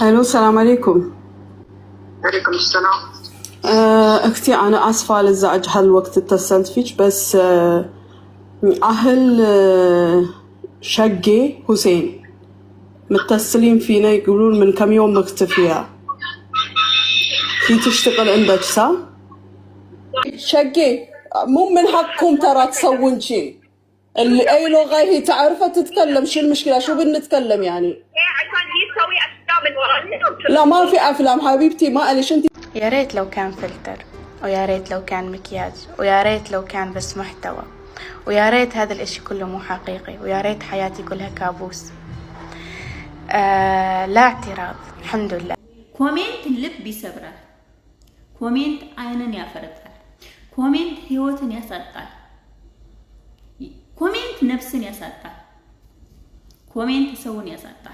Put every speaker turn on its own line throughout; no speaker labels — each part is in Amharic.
الو السلام عليكم
وعليكم السلام
آه، أختي أنا آسفة للزعج هالوقت اتصلت فيك بس آه، أهل آه، شقي حسين متصلين فينا يقولون من كم يوم مختفية في تشتغل عندك صح؟ شقي مو من حقكم ترى تسوون شيء اللي أي لغة هي تعرفها تتكلم شو المشكلة شو بنتكلم يعني؟ إيه، لا ما في افلام حبيبتي ما معلش
انت يا ريت لو كان فلتر ويا ريت لو كان مكياج ويا ريت لو كان بس محتوى ويا ريت هذا الاشي كله مو حقيقي ويا ريت حياتي كلها كابوس آه لا اعتراض الحمد
لله كومنت كومنت بسبرة عينا يا فرطة كومنت አይንን يا سرطة كومنت نفس يا سرطة كومنت سون يا سرطة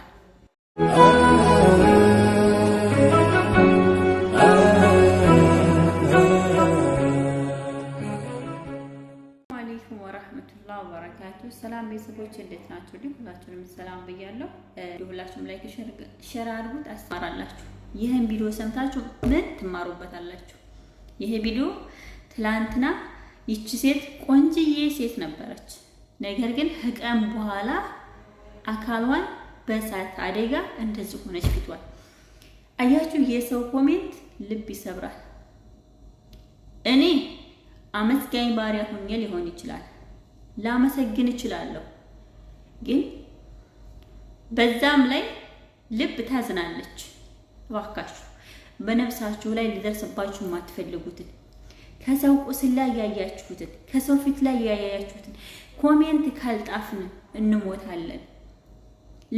ወበረካቱ። ሰላም ቤተሰቦች እንዴት ናቸው? ዲ ሁላችሁንም ሰላም ብያለሁ። ሁላችሁም ላይክ ሸር አድርጉት፣ አስተማራላችሁ። ይህን ቪዲዮ ሰምታችሁ ምን ትማሩበታላችሁ? ይሄ ቪዲዮ ትላንትና ይቺ ሴት ቆንጅዬ ሴት ነበረች። ነገር ግን ህቀም በኋላ አካሏን በእሳት አደጋ እንደዚህ ሆነች ፊቷል። አያችሁ፣ የሰው ኮሜንት ልብ ይሰብራል። እኔ አመስጋኝ ባሪያ ሆኜ ሊሆን ይችላል ላመሰግን እችላለሁ፣ ግን በዛም ላይ ልብ ታዝናለች። እባካችሁ በነፍሳችሁ ላይ ሊደርስባችሁ የማትፈልጉትን ከሰው ቁስል ላይ ያያችሁትን ከሰው ፊት ላይ ያያችሁትን ኮሜንት ካልጣፍን እንሞታለን።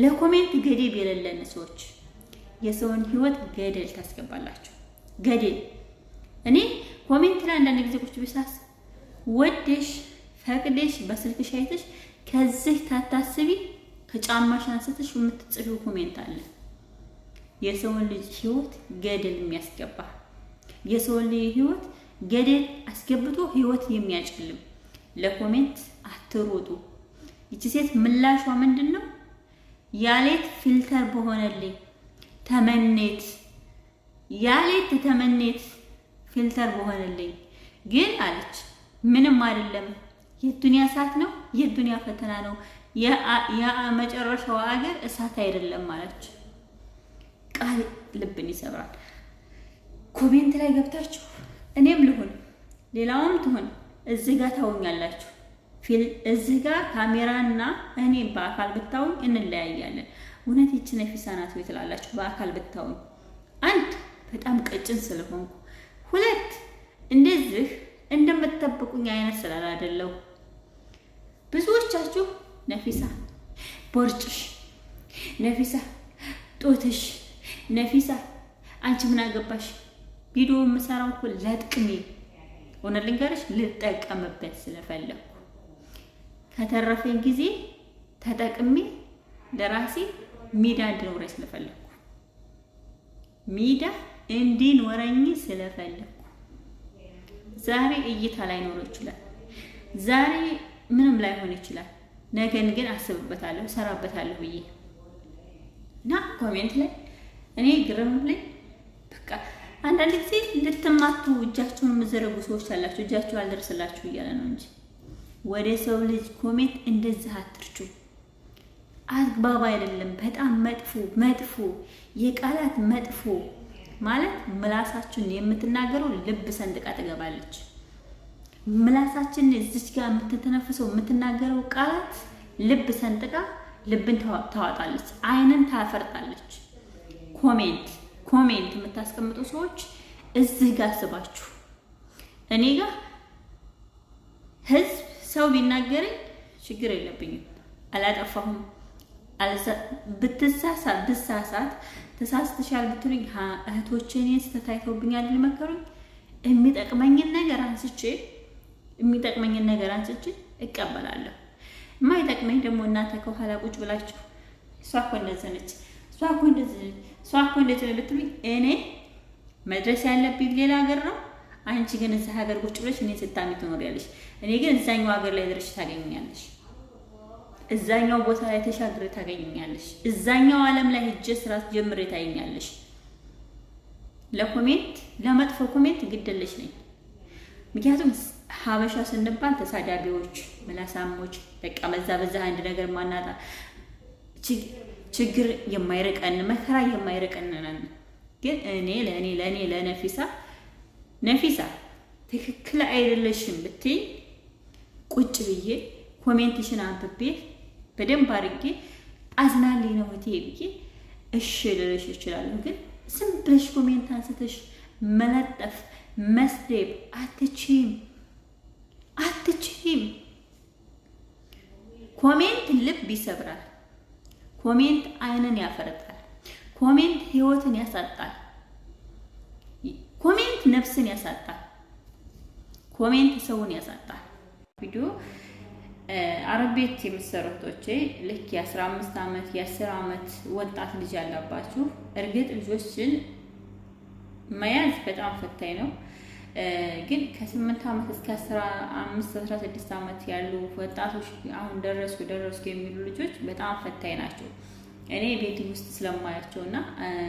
ለኮሜንት ገደብ የሌለን ሰዎች የሰውን ህይወት ገደል ታስገባላችሁ። ገደል እኔ ኮሜንት ላይ አንዳንድ ጊዜ ቁጭ ብሳስ ወደሽ ፈቅደሽ በስልክሽ አይተሽ ከዚህ ታታስቢ ከጫማሽ አንስተሽ የምትጽፊው ኮሜንት አለ። የሰውን ልጅ ህይወት ገደል የሚያስገባ የሰውን ልጅ ህይወት ገደል አስገብቶ ህይወት የሚያጨልም ለኮሜንት አትሮጡ። ይቺ ሴት ምላሿ ምንድን ነው? ያሌት ፊልተር በሆነልኝ ተመኔት ያሌት ተመኔት ፊልተር በሆነልኝ ግን አለች ምንም አይደለም። የዱንያ እሳት ነው፣ የዱንያ ፈተና ነው። የመጨረሻው አገር እሳት አይደለም ማለች ቃል ልብን ይሰብራል። ኮሜንት ላይ ገብታችሁ እኔም ልሁን ሌላውም ትሁን እዚህ ጋር ታውኛላችሁ። እዚህ ጋር ካሜራና እኔ በአካል ብታውኝ እንለያያለን። እውነት ይቺ ነፊሳ ናት ወይ ትላላችሁ? በአካል ብታውኝ አንድ በጣም ቀጭን ስለሆንኩ፣ ሁለት እንደዚህ እንደምትጠብቁኝ አይነት ስላላደለሁ ብዙዎቻችሁ ነፊሳ ቦርጭሽ፣ ነፊሳ ጦትሽ፣ ነፊሳ አንቺ ምን አገባሽ? ቪዲዮ የምሰራው እኮ ለጥቅሜ እውነት ልንገርሽ ልጠቀምበት ስለፈለግኩ ከተረፈኝ ጊዜ ተጠቅሜ ለራሴ ሚዳ እንድኖረኝ ስለፈለግኩ ሚዳ እንዲኖረኝ ስለፈለግኩ ዛሬ እይታ ላይኖረው ይችላል ዛሬ ምንም ላይሆን ይችላል። ነገን ግን አስብበታለሁ፣ ሰራበታለሁ ብዬ እና ኮሜንት ላይ እኔ ግርም ላይ በቃ አንዳንድ ጊዜ እንድትማቱ እጃችሁን የምዘረጉ ሰዎች አላችሁ። እጃችሁ አልደርስላችሁ እያለ ነው እንጂ ወደ ሰው ልጅ ኮሜንት እንደዚህ አትርቹ። አግባብ አይደለም። በጣም መጥፎ መጥፎ የቃላት መጥፎ ማለት ምላሳችሁን የምትናገረው ልብ ሰንድቃ ትገባለች። ምላሳችን እዚች ጋር የምትተነፍሰው የምትናገረው ቃላት ልብ ሰንጥቃ ልብን ታዋጣለች፣ አይንን ታፈርጣለች። ኮሜንት ኮሜንት የምታስቀምጡ ሰዎች እዚህ ጋር አስባችሁ እኔ ጋር ህዝብ ሰው ቢናገረኝ ችግር የለብኝም፣ አላጠፋሁም ብትሳሳት ብሳሳት ተሳስተሻል ብትሉኝ እህቶቼ እኔን ስህተት ሊመከሩኝ የሚጠቅመኝን ነገር አንስቼ የሚጠቅመኝን ነገር አንስቼ እቀበላለሁ። የማይጠቅመኝ ደግሞ እናንተ ከኋላ ቁጭ ብላችሁ እሷ እኮ እንደዚህ ነች፣ እሷ እኮ እንደዚህ ነች፣ እሷ እኮ እንደዚህ ነው ብትሉኝ እኔ መድረስ ያለብኝ ሌላ ሀገር ነው። አንቺ ግን እዛ ሀገር ቁጭ ብለሽ እኔ ስታሚ ትኖሪያለሽ፣ እኔ ግን እዛኛው ሀገር ላይ ድረሽ ታገኘኛለሽ። እዛኛው ቦታ ላይ ተሻግረ ታገኘኛለች እዛኛው ዓለም ላይ ሂጄ ስራ ጀምሬ ታገኛለሽ። ለኮሜንት ለመጥፎ ኮሜንት ግደለሽ ነኝ ምክንያቱም ሀበሻ ስንባል ተሳዳቢዎች፣ ምላሳሞች በቃ በዛ በዛ አንድ ነገር ማናጣ ችግር የማይርቀን መከራ የማይርቀን ነን። ግን እኔ ለእኔ ለእኔ ለነፊሳ ነፊሳ ትክክል አይደለሽም ብትይ ቁጭ ብዬ ኮሜንቴሽን አንብቤ በደንብ አድርጌ አዝናሌ ነው እቴ ብዬ እሽ ልልሽ ይችላሉ። ግን ዝም ብለሽ ኮሜንት አንስተሽ መለጠፍ መስደብ አትችም። አትችይም። ኮሜንት ልብ ይሰብራል። ኮሜንት አይንን ያፈርጣል። ኮሜንት ህይወትን ያሳጣል። ኮሜንት ነፍስን ያሳጣል። ኮሜንት ሰውን ያሳጣል። ቪዲዮ አረብ ቤት የምትሰሩ እህቶቼ ልክ የአስራ አምስት ዓመት አመት ዓመት ወጣት ልጅ ያለባችሁ፣ እርግጥ ልጆችን መያዝ በጣም ፈታኝ ነው። ግን ከስምንት ዓመት እስከ አስራ አምስት አስራ ስድስት ዓመት ያሉ ወጣቶች አሁን ደረስኩ ደረስኩ የሚሉ ልጆች በጣም ፈታኝ ናቸው። እኔ ቤት ውስጥ ስለማያቸው እና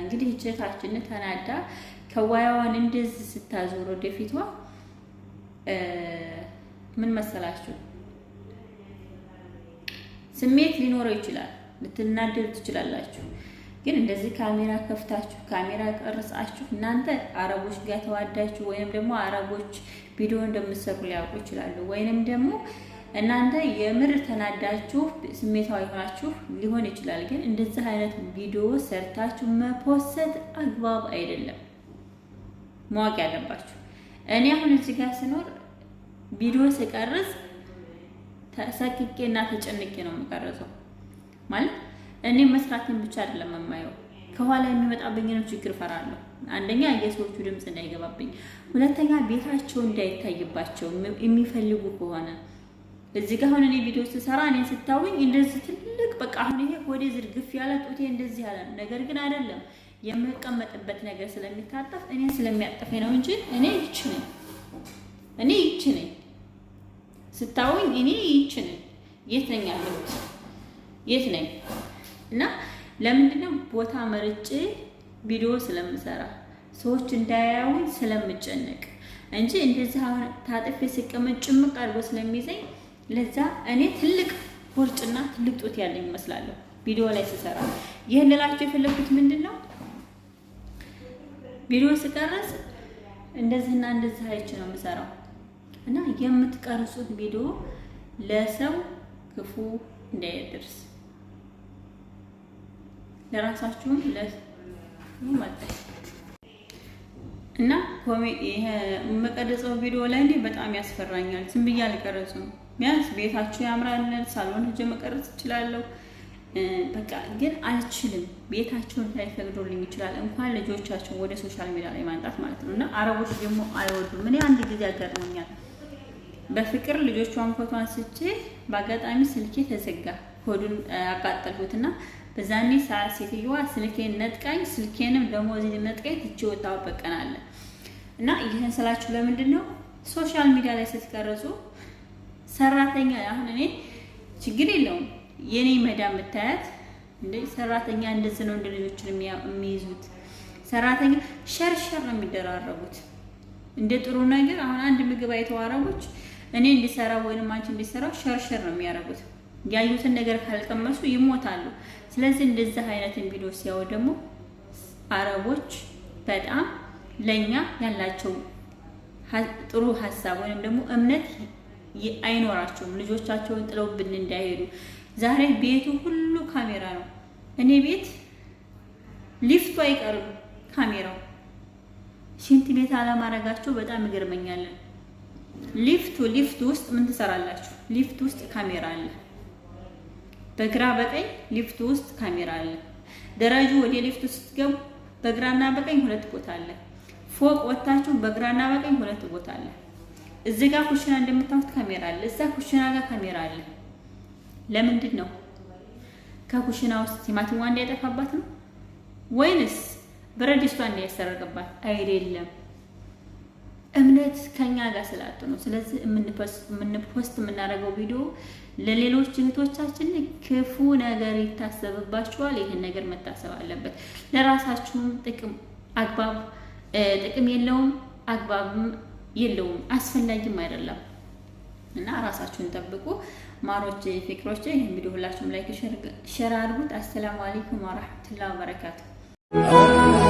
እንግዲህ እጀታችን ተናዳ ከዋያዋን እንደዚህ ስታዞር ወደፊቷ ምን መሰላችሁ፣ ስሜት ሊኖረው ይችላል። ልትናደዱ ትችላላችሁ። ግን እንደዚህ ካሜራ ከፍታችሁ ካሜራ ቀርጻችሁ እናንተ አረቦች ጋር ተዋዳችሁ ወይንም ደግሞ አረቦች ቪዲዮ እንደምትሰሩ ሊያውቁ ይችላሉ። ወይንም ደግሞ እናንተ የምር ተናዳችሁ ስሜታዊ ሆናችሁ ሊሆን ይችላል። ግን እንደዚህ አይነት ቪዲዮ ሰርታችሁ መፖሰት አግባብ አይደለም፣ ማወቅ ያለባችሁ። እኔ አሁን እዚህ ጋር ስኖር ቪዲዮ ስቀርጽ ተሰቅቄ እና ተጨንቄ ነው የምቀርጸው ማለት እኔ መስራትን ብቻ አይደለም የማየው፣ ከኋላ የሚመጣብኝንም ችግር ፈራለሁ። አንደኛ የሰዎቹ ድምፅ እንዳይገባብኝ፣ ሁለተኛ ቤታቸው እንዳይታይባቸው የሚፈልጉ ከሆነ እዚህ ጋር አሁን እኔ ቪዲዮ ስሰራ እኔ ስታውኝ እንደዚህ ትልቅ በቃ አሁን ይሄ ወደ ዝርግፍ ያለ ጡቴ እንደዚህ ያለ ነገር ግን አይደለም የምቀመጥበት ነገር ስለሚታጠፍ እኔ ስለሚያጠፈ ነው እንጂ እኔ ይች ነኝ፣ እኔ ይች ነኝ። ስታውኝ እኔ ይች ነኝ። የት ነኝ ያለሁት? የት ነኝ? እና ለምንድነው ቦታ መርጬ ቪዲዮ ስለምሰራ ሰዎች እንዳያዩኝ ስለምጨነቅ እንጂ እንደዚህ አሁን ታጥፌ ስቀመጥ ጭምቅ አድርጎ ስለሚይዘኝ ለዛ እኔ ትልቅ ቦርጭና ትልቅ ጡት ያለኝ ይመስላለሁ ቪዲዮ ላይ ስሰራ። ይህን ልላቸው የፈለኩት ምንድን ነው ቪዲዮ ስቀርጽ እንደዚህና እንደዚህ አይቼ ነው የምሰራው እና የምትቀርጹት ቪዲዮ ለሰው ክፉ እንዳይደርስ ለራሳችሁም እና የምቀርጸው ቪዲዮ ላይ እንዴ በጣም ያስፈራኛል። ዝም ብዬ አልቀረጹም። ቢያንስ ቤታችሁ ያምራል፣ ሳሎን ሂጅ መቀረጽ እችላለሁ። በቃ ግን አልችልም። ቤታችሁን ላይፈቅዱልኝ ይችላል። እንኳን ልጆቻቸው ወደ ሶሻል ሚዲያ ላይ ማንጣት ማለት ነው። እና አረቦች ደግሞ አይወዱም። እኔ አንድ ጊዜ አጋጥሞኛል። በፍቅር ልጆቿን ፎቶ አንስቼ በአጋጣሚ ስልኬ ተዘጋ። ሆዱን አቃጠልኩትና በዛኔ ሰዓት ሴትዮዋ ስልኬን ነጥቃኝ፣ ስልኬንም ደሞዝ ነጥቃኝ ትቼ ወጣሁ። በቀናለ እና ይህን ስላችሁ ለምንድን ነው ሶሻል ሚዲያ ላይ ስትቀረጹ ሰራተኛ አሁን እኔ ችግር የለውም የኔ መዳም የምታያት እንደ ሰራተኛ እንደዚህ ነው እንደ ልጆችን የሚይዙት ሰራተኛ ሸርሸር ነው የሚደራረጉት እንደ ጥሩ ነገር አሁን አንድ ምግብ አይተው አረቦች እኔ እንዲሰራ ወይንም አንቺ እንዲሰራው ሸርሸር ነው የሚያደርጉት። ያዩትን ነገር ካልቀመሱ ይሞታሉ። ስለዚህ እንደዚህ አይነትን ቪዲዮ ሲያው ደግሞ አረቦች በጣም ለኛ ያላቸው ጥሩ ሀሳብ ወይም ደግሞ እምነት አይኖራቸውም። ልጆቻቸውን ጥለውብን እንዳይሄዱ። ዛሬ ቤቱ ሁሉ ካሜራ ነው። እኔ ቤት ሊፍቱ አይቀርም ካሜራው። ሽንት ቤት አለማድረጋቸው በጣም ይገርመኛለን። ሊፍቱ ሊፍት ውስጥ ምን ትሰራላችሁ? ሊፍት ውስጥ ካሜራ አለ። በግራ በቀኝ ሊፍት ውስጥ ካሜራ አለ። ደረጁ ወደ ሊፍቱ ስትገቡ በግራና በቀኝ ሁለት ቦታ አለ። ፎቅ ወታችሁ በግራና በቀኝ ሁለት ቦታ አለ። እዚህ ጋር ኩሽና እንደምታዩት ካሜራ አለ። እዛ ኩሽና ጋር ካሜራ አለ። ለምንድን ነው? ከኩሽና ውስጥ ቲማቲሟ እንዳይጠፋባት ነው ወይንስ ብረት ድስቷ እንዳይሰረቅባት? አይደለም እምነት ከኛ ጋር ስላጡ ነው። ስለዚህ የምንፖስት የምናደርገው ቪዲዮ ለሌሎች እህቶቻችን ክፉ ነገር ይታሰብባችኋል። ይህን ነገር መታሰብ አለበት። ለራሳችሁም ጥቅም አግባብ ጥቅም የለውም፣ አግባብም የለውም፣ አስፈላጊም አይደለም እና ራሳችሁን ጠብቁ። ማሮች ፍቅሮች፣ ይህን ቪዲዮ ሁላችሁም ላይክ ሸር አድርጉት። አሰላሙ አለይኩም ወራህመቱላሂ ወበረካቱ።